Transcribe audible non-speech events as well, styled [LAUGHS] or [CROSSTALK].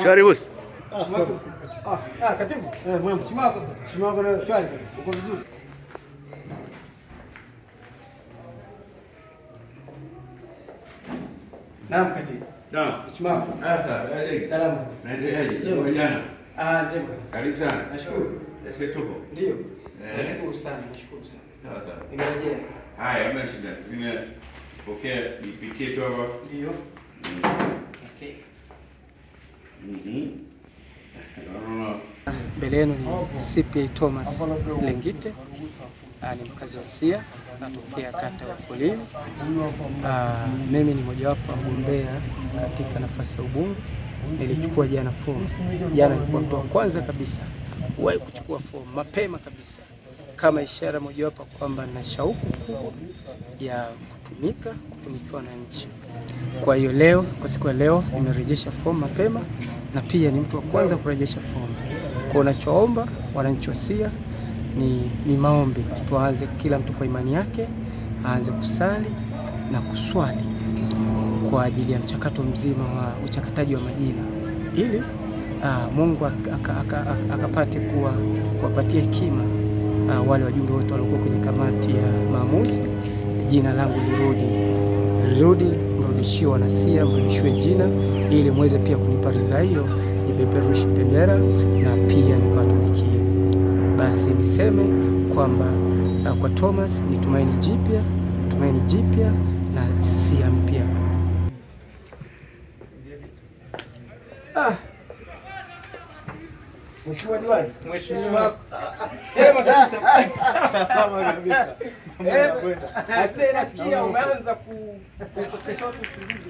Shwari bosi. Ah, ah, katibu. Eh, mwema. Shimako na shwari. Uko vizuri? Naam, katibu. Naam. Sasa, salama. Naendeleaje? Njema jana. Ah, njema kabisa. Karibu sana. Nashukuru. Sasa tupo. Ndio. Eh. Nashukuru sana, nashukuru sana. Sawa sawa. Nimerejea. Haya, hamna shida. Nimepokea nipitie tu hapa. Ndio. Okay. Mhm. Mbele yenu ni CPA Thomas Lengite Ah, ni mkazi wa Sia, natokea kata ya Ukulini. Ah, mimi ni mojawapo mgombea katika nafasi ya ubunge, nilichukua jana fomu. Jana nilikuwa mtu wa kwanza kabisa wahi kuchukua fomu mapema kabisa, kama ishara mojawapo kwamba na shauku kubwa ya kutumika, kutumikiwa na nchi. Kwa hiyo leo, kwa siku ya leo, nimerejesha fomu mapema, na pia ni mtu wa kwanza kurejesha fomu. Kwa unachoomba wananchi wa Sia ni, ni maombi. Tuanze kila mtu kwa imani yake, aanze kusali na kuswali kwa ajili ya mchakato mzima wa uchakataji wa majina ili aa, ah, Mungu akapate kuwa kuwapatia hekima ah, wale wajumbe wote waliokuwa kwenye kamati ya maamuzi. Jina langu lirudi lirudi, mrudishiwe wanasia, mrudishiwe jina, ili mweze pia kunipa ridhaa hiyo, nipeperushe bendera na pia niseme kwamba uh, kwa Thomas ni tumaini jipya, tumaini jipya na sia mpya. Ah. Mheshimiwa, [LAUGHS] nasikia umeanza kuusingizi